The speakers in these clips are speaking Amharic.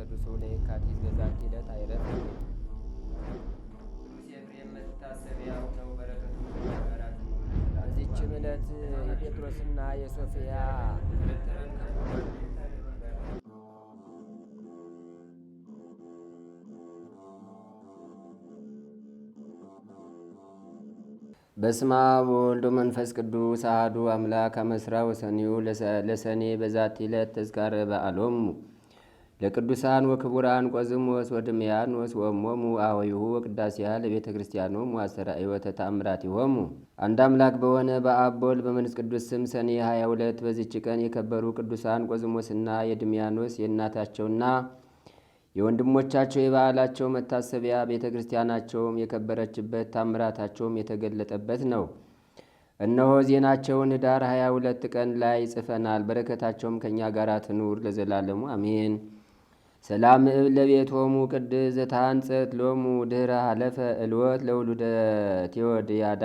ቅዱስ ለየካቲት በዛቲ ዕለት አይረፍ። ቅዱስ ኤፍሬም በዚችም ዕለት የጴጥሮስና የሶፊያ በስማ ወልዶ መንፈስ ቅዱስ አህዱ አምላክ አመስራ ወሰኒው ለሰኔ በዛቲ ዕለት ተዝካረ በዓሎሙ ለቅዱሳን ወክቡራን ቆዝሞስ ወድሜያኖስ ወሞሙ አወይሁ ወቅዳሲያ ለቤተ ህይወተ ተአምራት ይሆሙ አንድ አምላክ በሆነ በአቦል በመንስ ቅዱስ ስም ሰኔ 22 በዚች ቀን የከበሩ ቅዱሳን ቆዝሞስና የድሜያኖስ የእናታቸውና የወንድሞቻቸው የበዓላቸው መታሰቢያ ቤተ ክርስቲያናቸውም የከበረችበት ታምራታቸውም የተገለጠበት ነው። እነሆ ዜናቸውን ኅዳር 22 ቀን ላይ ጽፈናል። በረከታቸውም ከእኛ ጋር ትኑር ለዘላለሙ አሜን። ሰላም እብ ለቤቶሙ ቅድስ ዘታንጸት ሎሙ ድህረ ሃለፈ እልወት ለውሉደ ቴዎድያዳ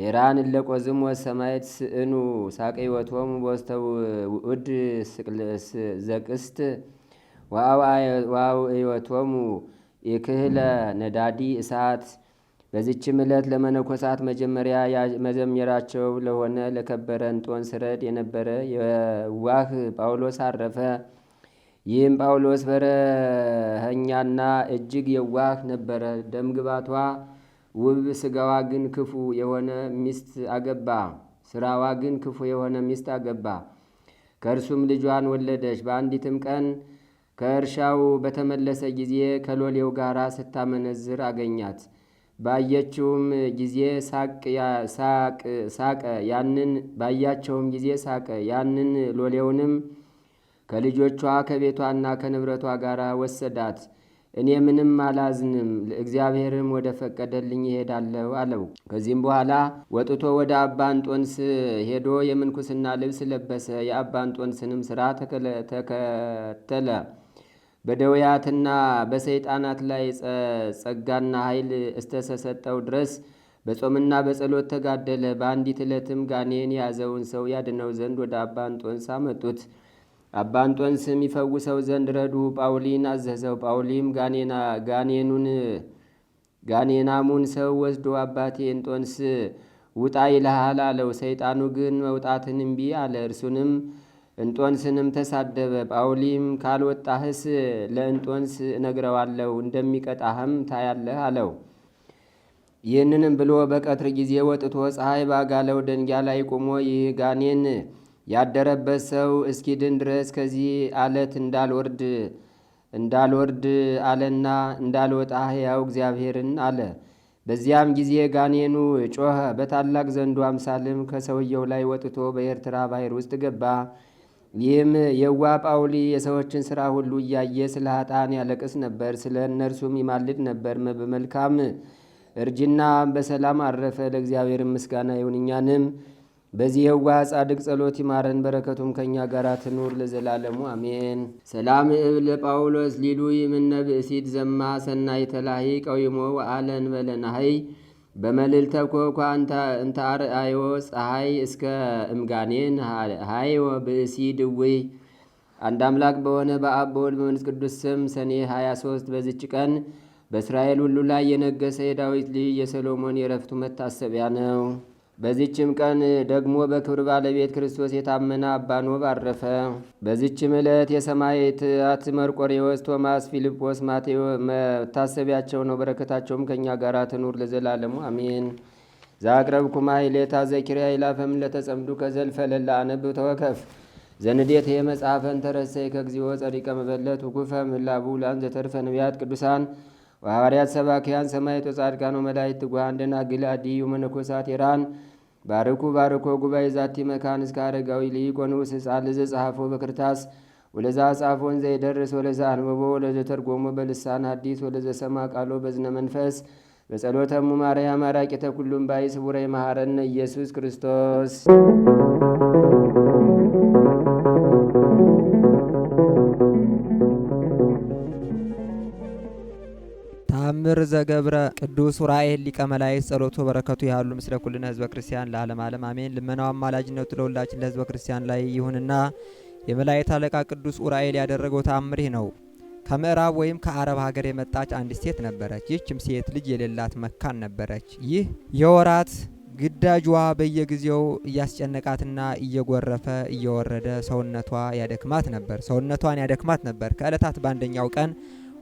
ሄራን እለቆዝም ወሰማየት ስእኑ ሳቀይወቶሙ በስተ ውድ ዘቅስት ዋውእዮቶሙ የክህለ ነዳዲ እሳት። በዚችም ዕለት ለመነኮሳት መጀመሪያ መዘምራቸው ለሆነ ለከበረ እንጦን ስረድ የነበረ የዋህ ጳውሎስ አረፈ። ይህም ጳውሎስ በረኸኛና እጅግ የዋህ ነበረ። ደምግባቷ ውብ ስጋዋ ግን ክፉ የሆነ ሚስት አገባ። ስራዋ ግን ክፉ የሆነ ሚስት አገባ። ከእርሱም ልጇን ወለደች። በአንዲትም ቀን ከእርሻው በተመለሰ ጊዜ ከሎሌው ጋር ስታመነዝር አገኛት። ባየችውም ጊዜ ሳቅ ያንን ባያቸውም ጊዜ ሳቀ ያንን ሎሌውንም ከልጆቿ ከቤቷና ከንብረቷ ጋር ወሰዳት። እኔ ምንም አላዝንም፣ እግዚአብሔርም ወደ ፈቀደልኝ ይሄዳለሁ አለው። ከዚህም በኋላ ወጥቶ ወደ አባ እንጦንስ ሄዶ የምንኩስና ልብስ ለበሰ። የአባ እንጦንስንም ስራ ተከተለ። በደውያትና በሰይጣናት ላይ ጸጋና ኃይል እስተሰሰጠው ድረስ በጾምና በጸሎት ተጋደለ። በአንዲት ዕለትም ጋኔን የያዘውን ሰው ያድነው ዘንድ ወደ አባ እንጦንስ አመጡት። አባ እንጦንስም ይፈውሰው ዘንድ ረዱ ጳውሊን አዘዘው። ጳውሊም ጋኔኑን ጋኔናሙን ሰው ወስዶ አባቴ እንጦንስ ውጣ ይልሃል አለው። ሰይጣኑ ግን መውጣትን እምቢ አለ። እርሱንም እንጦንስንም ተሳደበ። ጳውሊም ካልወጣህስ ለእንጦንስ እነግረዋለሁ እንደሚቀጣህም ታያለህ አለው። ይህንንም ብሎ በቀትር ጊዜ ወጥቶ ፀሐይ ባጋለው ደንጊያ ላይ ቆሞ ይህ ጋኔን ያደረበት ሰው እስኪድን ድረስ ከዚህ አለት እንዳልወርድ እንዳልወርድ አለና እንዳልወጣ ሕያው እግዚአብሔርን አለ። በዚያም ጊዜ ጋኔኑ ጮኸ፣ በታላቅ ዘንዱ አምሳልም ከሰውየው ላይ ወጥቶ በኤርትራ ባሕር ውስጥ ገባ። ይህም የዋ ጳውሊ የሰዎችን ሥራ ሁሉ እያየ ስለ ኃጥአን ያለቅስ ነበር፣ ስለ እነርሱም ይማልድ ነበር። በመልካም እርጅና በሰላም አረፈ። ለእግዚአብሔር ምስጋና ይሁን እኛንም በዚህ የዋህ ጻድቅ ጸሎት ይማረን፣ በረከቱም ከእኛ ጋር ትኑር ለዘላለሙ አሜን። ሰላም እብ ለጳውሎስ ሊሉ ይምነ ብእሲት ዘማ ሰናይ ተላሂ ቀዊሞ ወአለን በለናሃይ በመልዕልተ ኮኳ እንታርአዮ ፀሐይ እስከ እምጋኔን ሃይ ብእሲ ድዌ። አንድ አምላክ በሆነ በአብ በወልድ በመንፈስ ቅዱስ ስም ሰኔ 23 በዚች ቀን በእስራኤል ሁሉ ላይ የነገሰ የዳዊት ልጅ የሰሎሞን የረፍቱ መታሰቢያ ነው። በዚችም ቀን ደግሞ በክብር ባለቤት ክርስቶስ የታመነ አባ ኖብ አረፈ። በዚችም ዕለት የሰማዕታት መርቆሬዎስ፣ ቶማስ፣ ፊልጶስ፣ ማቴዎ መታሰቢያቸው ነው። በረከታቸውም ከእኛ ጋር ትኑር ለዘላለሙ አሜን። ዛቅረብኩማ ይሌታ ዘኪርያ ይላፈም ለተጸምዱ ከዘልፈለላ አነብ ተወከፍ ዘንዴት የመጽሐፈን ተረሰይ ከግዚኦ ጸሪቀ መበለት ውኩፈ ምላቡ ላን ዘተርፈ ነቢያት ቅዱሳን ወሐዋርያት ሰባኪያን ሰማዕታት ወጻድቃን መላይት ትጉሃን ደናግል አዲዩ መነኮሳት ኢራን ባርኩ ባርኮ ጉባኤ ዛቲ መካን እስከ አረጋዊ ሊቆን ውስ ሕፃን ለዘ ጸሐፎ በክርታስ ወለዛ ጻፎን ዘይደርስ ወለዛ አንብቦ ወለዘ ተርጎሞ በልሳን ሐዲስ ወለዘ ሰማ ቃሎ በዝነ መንፈስ በጸሎተሙ ማርያ አራቂተ ኩሉም ባይ ስቡረ መሐረነ ኢየሱስ ክርስቶስ መዘምር ዘገብረ ቅዱስ ኡራኤል ሊቀ መላእክት ጸሎቱ በረከቱ ያሉ ምስለ ኩልነ ህዝበ ክርስቲያን ለዓለም ዓለም አሜን። ልመናው አማላጅነቱ ለሁላችን ለህዝበ ክርስቲያን ላይ ይሁንና የመላእክት አለቃ ቅዱስ ኡራኤል ያደረገው ተአምር ነው። ከምዕራብ ወይም ከአረብ ሀገር የመጣች አንዲት ሴት ነበረች። ይህችም ሴት ልጅ የሌላት መካን ነበረች። ይህ የወራት ግዳጇ በየጊዜው እያስጨነቃትና እየጎረፈ እየወረደ ሰውነቷ ያደክማት ነበር ሰውነቷን ያደክማት ነበር። ከዕለታት በአንደኛው ቀን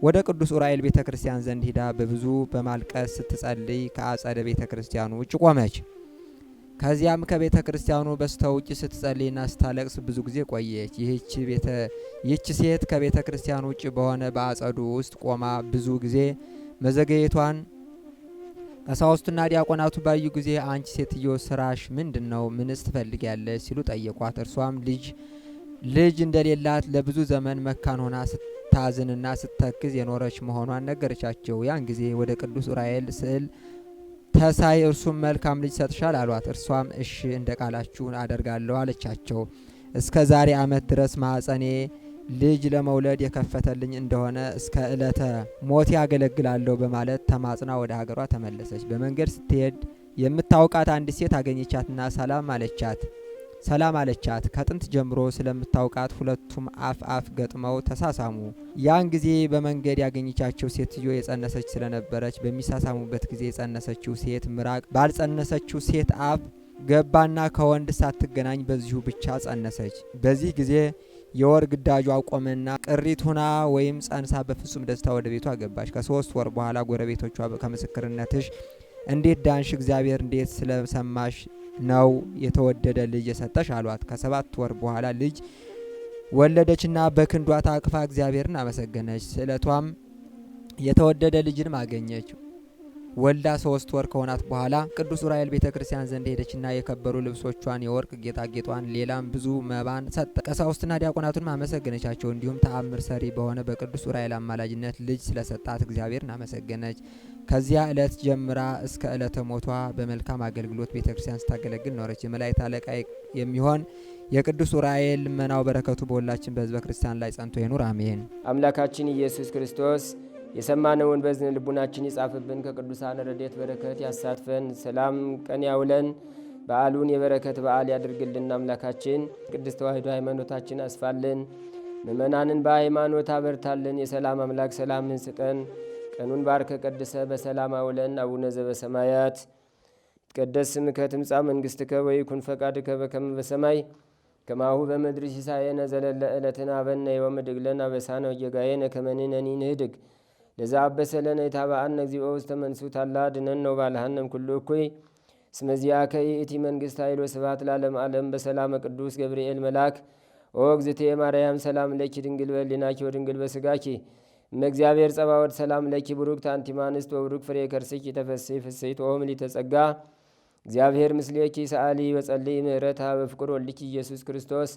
ወደ ቅዱስ ዑራኤል ቤተ ክርስቲያን ዘንድ ሂዳ በብዙ በማልቀስ ስትጸልይ ከአጸደ ቤተ ክርስቲያኑ ውጭ ቆመች። ከዚያም ከቤተ ክርስቲያኑ በስተ ውጭ ስትጸልይና ስታለቅስ ብዙ ጊዜ ቆየች። ይህች ሴት ከቤተ ክርስቲያን ውጭ በሆነ በአጸዱ ውስጥ ቆማ ብዙ ጊዜ መዘገየቷን ቀሳውስቱና ዲያቆናቱ ባዩ ጊዜ አንቺ ሴትዮ ስራሽ ምንድን ነው? ምንስ ትፈልጊያለሽ? ሲሉ ጠየቋት። እርሷም ልጅ ልጅ እንደሌላት ለብዙ ዘመን መካን ሆና ስታዝንና ስተክዝ የኖረች መሆኗን ነገረቻቸው። ያን ጊዜ ወደ ቅዱስ ዑራኤል ስዕል ተሳይ እርሱም መልካም ልጅ ሰጥሻል አሏት። እርሷም እሺ እንደ ቃላችሁን አደርጋለሁ አለቻቸው። እስከ ዛሬ ዓመት ድረስ ማዕፀኔ ልጅ ለመውለድ የከፈተልኝ እንደሆነ እስከ ዕለተ ሞት ያገለግላለሁ በማለት ተማጽና ወደ ሀገሯ ተመለሰች። በመንገድ ስትሄድ የምታውቃት አንድ ሴት አገኘቻትና ሰላም አለቻት። ሰላም አለቻት። ከጥንት ጀምሮ ስለምታውቃት ሁለቱም አፍ አፍ ገጥመው ተሳሳሙ። ያን ጊዜ በመንገድ ያገኘቻቸው ሴትዮ የጸነሰች ስለነበረች በሚሳሳሙበት ጊዜ የጸነሰችው ሴት ምራቅ ባልጸነሰችው ሴት አፍ ገባና ከወንድ ሳትገናኝ በዚሁ ብቻ ጸነሰች። በዚህ ጊዜ የወር ግዳጇ ቆመና ቅሪት ሁና ወይም ጸንሳ በፍጹም ደስታ ወደ ቤቷ ገባች። ከሶስት ወር በኋላ ጎረቤቶቿ ከምስክርነትሽ እንዴት ዳንሽ? እግዚአብሔር እንዴት ስለሰማሽ ነው የተወደደ ልጅ የሰጠሽ አሏት። ከሰባት ወር በኋላ ልጅ ወለደችና በክንዷ ታቅፋ እግዚአብሔርን አመሰገነች። ስዕለቷም የተወደደ ልጅንም አገኘች። ወልዳ ሶስት ወር ከሆናት በኋላ ቅዱስ ዑራኤል ቤተ ክርስቲያን ዘንድ ሄደችና የከበሩ ልብሶቿን፣ የወርቅ ጌጣጌጧን፣ ሌላም ብዙ መባን ሰጠ። ቀሳውስትና ዲያቆናቱንም አመሰገነቻቸው። እንዲሁም ተአምር ሰሪ በሆነ በቅዱስ ዑራኤል አማላጅነት ልጅ ስለሰጣት እግዚአብሔርን አመሰገነች። ከዚያ ዕለት ጀምራ እስከ ዕለተ ሞቷ በመልካም አገልግሎት ቤተ ክርስቲያን ስታገለግል ኖረች። የመላእክት አለቃ የሚሆን የቅዱስ ዑራኤል ልመናው በረከቱ በሁላችን በህዝበ ክርስቲያን ላይ ጸንቶ ይኑር፣ አሜን። አምላካችን ኢየሱስ ክርስቶስ የሰማነውን በዝን ልቡናችን ይጻፍብን፣ ከቅዱሳን ረድኤት በረከት ያሳትፈን፣ ሰላም ቀን ያውለን፣ በዓሉን የበረከት በዓል ያድርግልን። አምላካችን ቅድስት ተዋሕዶ ሃይማኖታችን አስፋልን፣ ምእመናንን በሃይማኖት አበርታልን። የሰላም አምላክ ሰላምን ስጠን። ቀኑን ባርከ ቀድሰ በሰላም አውለን። አቡነ ዘበሰማያት ይትቀደስ ስምከ ትምጻእ መንግሥትከ ወይኩን ፈቃድከ በከመ በሰማይ ከማሁ በምድር ሲሳየነ ዘለለ ዕለትነ ሀበነ ዮም ወኅድግ ለነ አበሳነ ወጌጋየነ ከመ ንሕነኒ ንኅድግ ለዘአበሰለነ የታብአነ እግዚኦ ውስተ መንሱት ታላ ድነን ነው ባልሃንም ኩሉ እኩይ ከይ እቲ መንግስት ኃይሎ ስብሐት ላለም ዓለም በሰላመ ቅዱስ ገብርኤል መልአክ ኦ እግዝእቴ ማርያም ሰላም ለኪ ድንግል በሊናኪ ወድንግል በስጋኪ እመእግዚአብሔር ጸባወድ ሰላም ለኪ ብሩክ አንቲ ወብሩክ ፍሬ ከርስኪ ተፈሲ ፍሥሕት ኦ ምልዕተ ጸጋ እግዚአብሔር ምስሌኪ ሰአሊ በጸልይ ምህረታ በፍቅር ወልኪ ኢየሱስ ክርስቶስ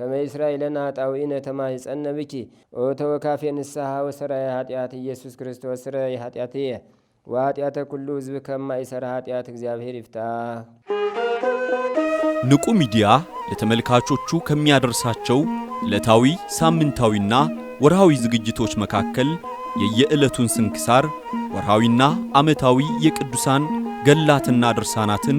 ከመ እስራኤልን አጣዊነ ተማኅፀነ ብኪ ኦ ተወካፌ ንስሐ ወሰራይ ኃጢአት ኢየሱስ ክርስቶስ ስረይ ኃጢአትየ ወኃጢአተ ኩሉ ከማ ከማይሰራ ኃጢአት እግዚአብሔር ይፍታ። ንቁ ሚዲያ ለተመልካቾቹ ከሚያደርሳቸው ዕለታዊ ሳምንታዊና ወርሃዊ ዝግጅቶች መካከል የየዕለቱን ስንክሳር ወርሃዊና ዓመታዊ የቅዱሳን ገላትና ድርሳናትን